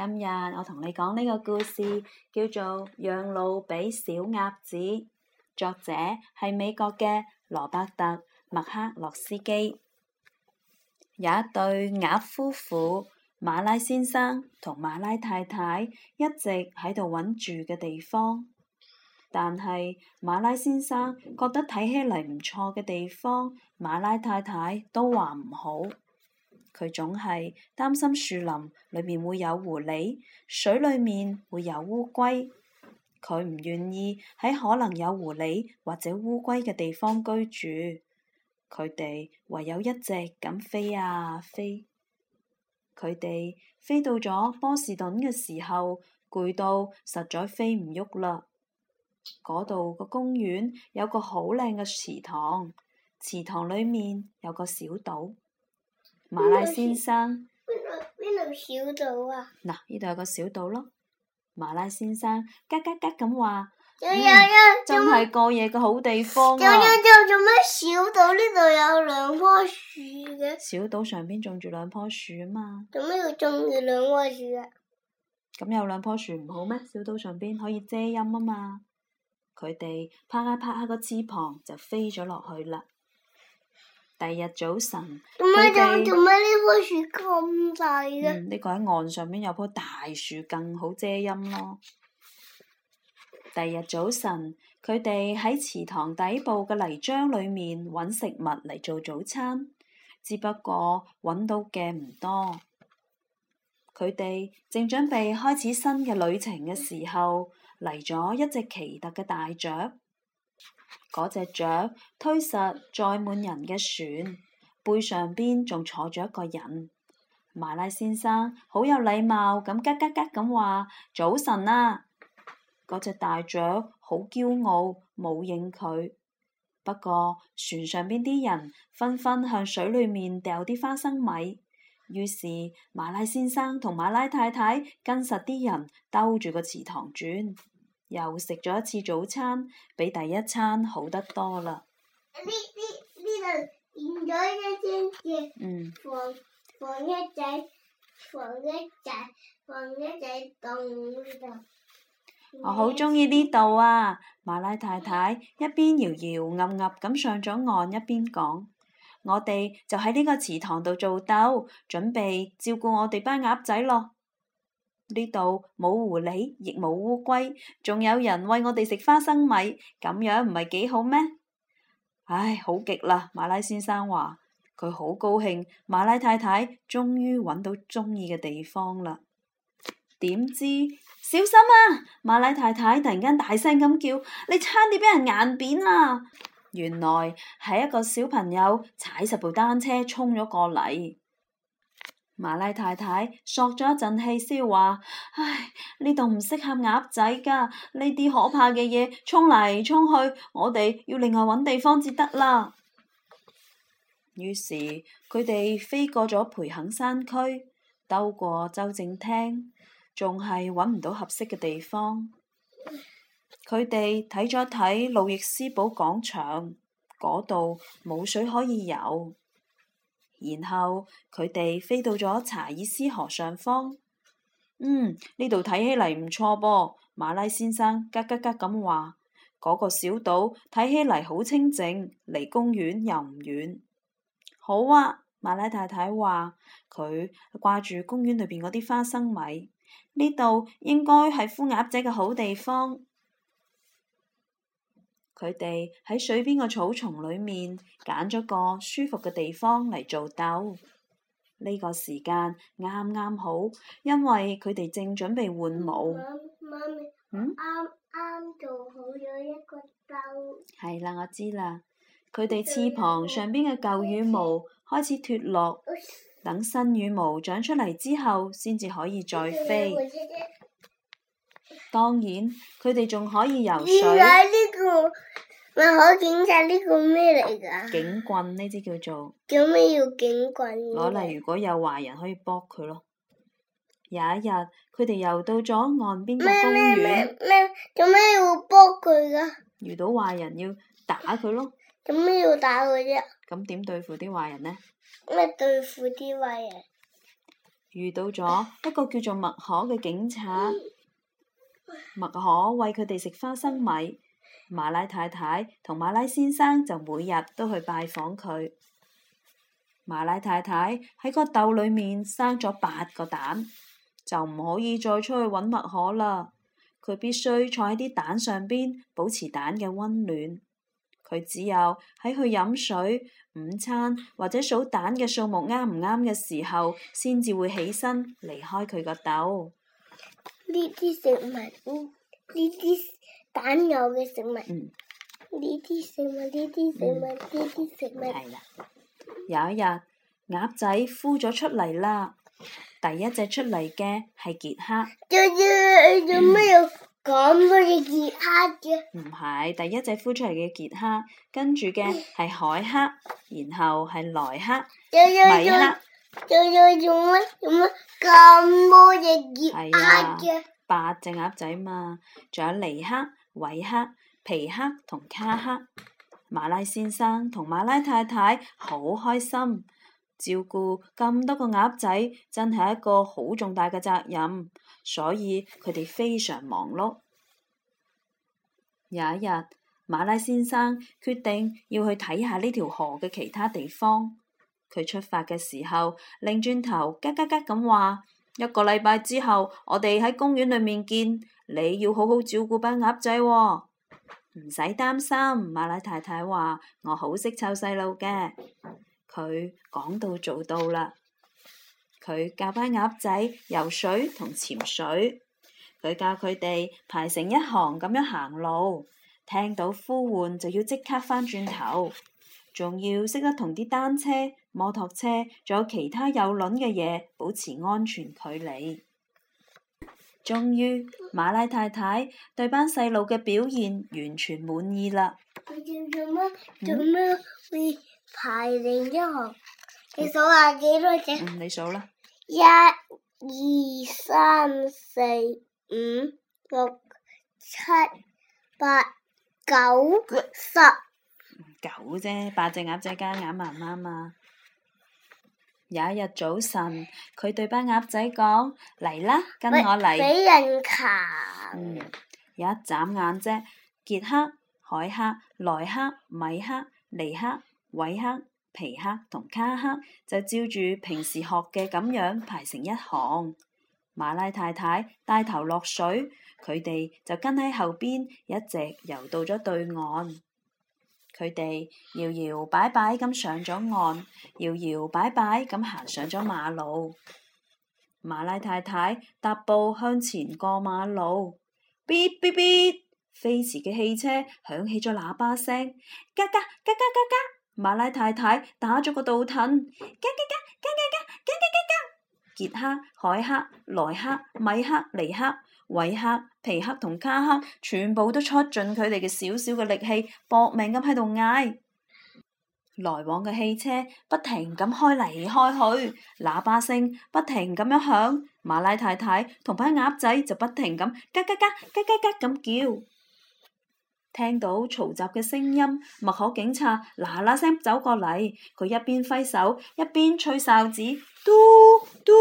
.今日我同你講呢個故事，叫做《讓路俾小鴨子》，作者係美國嘅羅伯特麥克洛斯基。有一對鴨夫婦，馬拉先生同馬拉太太一直喺度揾住嘅地方，但係馬拉先生覺得睇起嚟唔錯嘅地方，馬拉太太都話唔好。佢總係擔心樹林裏面會有狐狸，水裏面會有烏龜。佢唔願意喺可能有狐狸或者烏龜嘅地方居住。佢哋唯有一隻咁飛啊，飛。佢哋飛到咗波士頓嘅時候，攰到實在飛唔喐啦。嗰度個公園有個好靚嘅池塘，池塘裏面有個小島。馬拉先生，邊度邊度小島啊？嗱，呢度有個小島咯。馬拉先生嘎嘎嘎咁話，嗨嗨嗨嗨嗯、真係過夜嘅好地方啊！做咩小島呢度有兩棵樹嘅？小島上邊種住兩棵樹啊嘛？做咩要種住兩棵樹啊？咁有兩棵樹唔好咩？小島上邊可以遮陰啊嘛。佢哋啪下啪下個翅膀，就飛咗落去啦。第二日早晨，佢哋們，做咩呢棵樹咁大嘅？嗯，這個，岸上面有棵大樹，更好遮陰咯。第二日早晨，佢哋喺池塘底部嘅泥漿裏面揾食物嚟做早餐，只不過揾到嘅唔多。佢哋正準備開始新嘅旅程嘅時候，嚟咗一隻奇特嘅大雀。嗰隻雀推實載滿人嘅船，背上邊仲坐住一個人。馬拉先生好有禮貌咁嘎嘎嘎咁話，早晨啦，啊！嗰隻大雀好驕傲，冇應佢。不過船上邊啲人紛紛向水裏面掉啲花生米，於是馬拉先生同馬拉太太跟實啲人兜住個池塘轉。又食咗一次早餐，比第一餐好得多啦。我好鍾意呢度啊！馬拉太太一邊搖搖噏噏咁上咗岸，一邊講，我哋就喺呢個池塘度做竇，準備照顧我哋班鴨仔咯。呢度冇狐狸，亦冇烏龜，仲有人餵我哋食花生米，咁樣唔係幾好咩？唉，好極啦！馬拉先生話佢好高興，馬拉太太終於揾到中意嘅地方啦。點知，小心啊！馬拉太太突然間大聲咁叫，你差啲俾人眼扁啊！原來係一個小朋友踩十部單車衝咗過嚟。.馬拉太太嗦咗一陣氣，先話：唉，呢度唔適合鴨仔㗎，呢啲可怕嘅嘢衝嚟衝去，我哋要另外搵地方至得啦。於是佢哋飛過咗培肯山區，兜過州政廳，仲係搵唔到合適嘅地方。佢哋睇咗睇路易斯堡廣場，嗰度，冇水可以游。然後佢哋飛到咗查爾斯河上方。嗯，呢度睇起嚟唔錯噃，馬拉先生「嘎嘎嘎」咁話，嗰個小島睇起嚟好清靜，離公園又唔遠。好啊，馬拉太太話。佢掛住公園裏邊嗰啲花生米，呢度應該係孵鴨仔嘅好地方。佢哋喺水邊個草叢裏面揀咗個舒服嘅地方嚟做竇，呢、這個時間啱啱好，因為佢哋正準備換毛。媽咪、啱啱、嗯、做好咗一個竇。係啦，我知啦。佢哋翅膀上邊嘅舊羽毛開始脫落，等新羽毛長出嚟之後，先至可以再飛。當然，佢哋仲可以游水。呢、這個麥可警察呢個咩嚟㗎？警棍，警棍呢啲叫做。做咩要警棍？攞嚟，如果有壞人可以搏佢咯。有一日，佢哋又到咗岸邊嘅公園。咩做咩要搏佢㗎？遇到壞人要打佢咯。做咩要打佢啫？咁點對付啲壞人呢？咩對付啲壞人？遇到咗一個叫做麥可嘅警察。嗯麥可餵佢哋食花生米，馬拉太太同馬拉先生就每日都去拜訪佢。馬拉太太喺個竇裏面生咗八個蛋，就唔可以再出去搵麥可啦。佢必須坐喺啲蛋上面保持蛋嘅溫暖。佢只有喺去飲水、午餐或者數蛋嘅數目啱唔啱嘅時候，先至會起身離開佢個竇。呢啲食物，呢啲蛋有嘅食物，呢啲、嗯、食物，呢啲食物，呢啲、嗯、食物。係啦，有一日，鴨仔孵咗出嚟啦。第一隻出嚟嘅係傑克。做咩要咁多隻傑克嘅？唔係，第一隻孵出嚟嘅傑克，跟住嘅係海克，然後係萊克，係啊，哎，八隻鴨仔嘛，仲有尼克、韋克、皮克同卡克。馬拉先生同馬拉太太好開心，照顧咁多個鴨仔，真係一個好重大嘅責任，所以佢哋非常忙碌。有一日，馬拉先生決定要去睇下呢條河嘅其他地方。佢出發嘅時候，擰轉頭，嘎嘎嘎咁話。一個禮拜之後，我哋喺公園裏面見。你要好好照顧班鴨仔喎，唔使擔心。馬拉太太話我好識湊細路嘅，佢講到做到啦。佢教班鴨仔游水同潛水，佢教佢哋排成一行咁樣行路，聽到呼喚就要即刻返轉頭。仲要識得同啲單車、摩托車，仲有其他有輪嘅嘢保持安全距離。 終於，馬拉太太對班細路嘅表現完全滿意啦。佢要做乜？做乜？會排另一行。嗯，你數下幾多隻？嗯？你數啦。一、二、三、四、五、六、七、八、九、十。九啫，八隻鴨仔加鴨媽媽嘛。有一日早晨，佢對班鴨仔講：嚟啦，跟我嚟。俾人擒。有，一眨眼啫，傑克、海克、萊克、米克、尼克、偉克、皮克同卡克就照住平時學嘅咁樣排成一行。馬拉太太帶頭落水，佢哋就跟喺後邊，一直游到咗對岸。佢哋搖搖擺擺咁上咗岸，搖搖擺擺咁行上咗馬路。馬拉太太踏步向前過馬路，嗶嗶嗶，飛馳嘅汽車響起咗喇叭聲，嘎嘎嘎嘎嘎嘎。嘎嘎嘎嘎，馬拉太太打咗個倒褪，嘎嘎嘎嘎嘎嘎嘎嘎嘎。傑克、海克、萊克、米克、尼克、韋克、皮克同卡克，全部都出盡佢哋嘅少少嘅力氣，搏命咁喺度嗌。來往嘅汽車不停咁開嚟開去，喇叭聲不停咁樣響。馬拉太太同班鴨仔就不停咁嘎嘎嘎嘎嘎嘎咁叫。聽到嘈雜嘅聲音，麥可警察嗱嗱聲走過嚟，佢一邊揮手，一邊吹哨子，嘟嘟。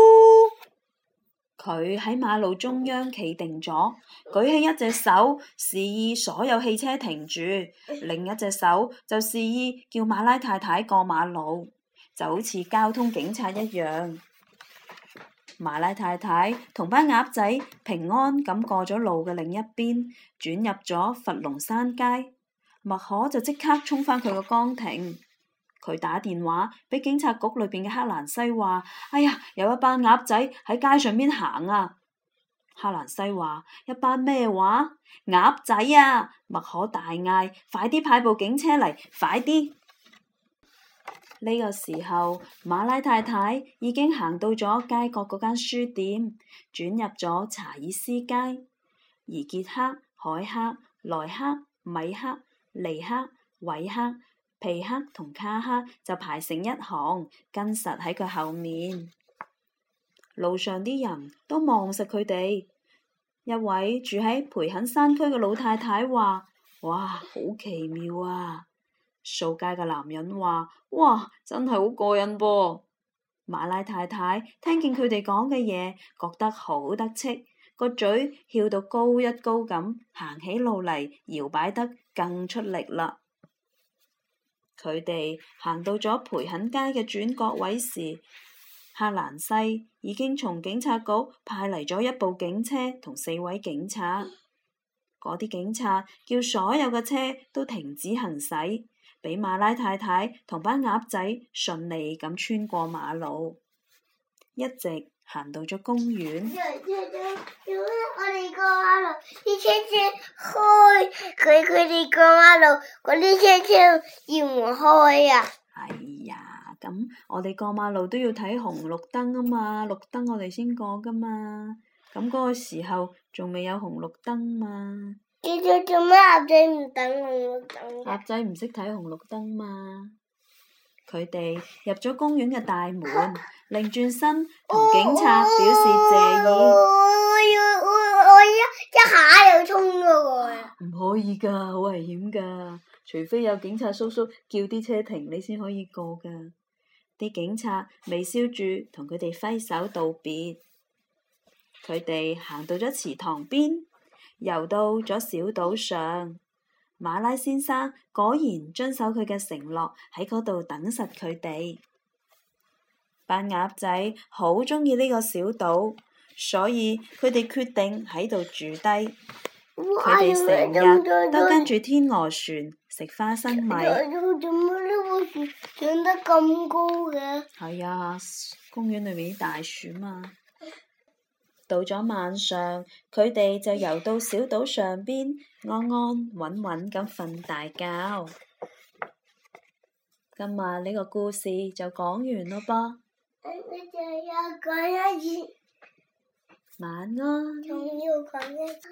佢喺馬路中央企定咗，舉起一隻手示意所有汽車停住，另一隻手就示意叫馬拉太太過馬路，就好似交通警察一樣。馬拉太太同班鴨仔平安咁過咗路嘅另一邊，轉入咗佛龍山街。麥可就即刻衝返佢個崗亭，佢打電話俾警察局裏邊嘅克蘭西話：哎呀，有一班鴨仔喺街上面行啊！克蘭西話：一班咩話？鴨仔啊！麥可大嗌：快啲派部警車嚟，快啲！呢個時候，馬拉太太已經行到咗街角嗰間書店，轉入咗查爾斯街，而傑克、海克、萊克、米克、尼克、韋克、皮克同卡克就排成一行，跟實喺佢後面。路上啲人都望實佢哋。一位住喺培肯山區嘅老太太話：「哇，好奇妙啊。」掃街嘅男人話：「哇，真係好過癮噃！」馬拉太太聽見佢哋講嘅嘢，覺得好得戚，個嘴翹到高一高咁，行起路嚟搖擺得更出力啦。佢哋行到咗培肯街嘅轉角位時，克蘭西已經從警察局派嚟咗一部警車同四位警察。嗰啲警察叫所有嘅車都停止行駛。俾馬拉太太同班鴨仔順利咁穿過馬路，一直行到咗公園。我哋過馬路，啲車車開，佢哋過馬路，嗰啲車車要唔開啊？哎呀，咁我哋過馬路都要睇紅綠燈啊嘛，綠燈我哋先過㗎嘛。咁嗰個時候仲未有紅綠燈嘛？佢想做咩？鴨仔唔等，我唔等紅綠燈。鴨仔唔識睇紅綠燈嘛？佢哋入咗公園嘅大門，擰轉、啊、身同警察表示謝意、哦。我一一下又衝咗過。唔可以噶，好危險噶！除非有警察叔叔叫啲車停，你先可以過噶。啲警察微笑住同佢哋揮手道別。佢哋行到咗池塘邊。游到咗小島上，馬拉先生果然遵守佢嘅承諾，喺嗰度等實佢哋。班鴨仔好鍾意呢個小島，所以佢哋決定喺度住低。佢哋成日都跟住天鵝船食花生米。佢做乜呢個樹長得咁高嘅？係啊，公園裏面啲大樹嘛。到咗晚上，佢哋就游到小島上邊，安安穩穩咁瞓大覺。今日呢個故事就講完咯噃。我仲要講一次。晚安。仲要講一次。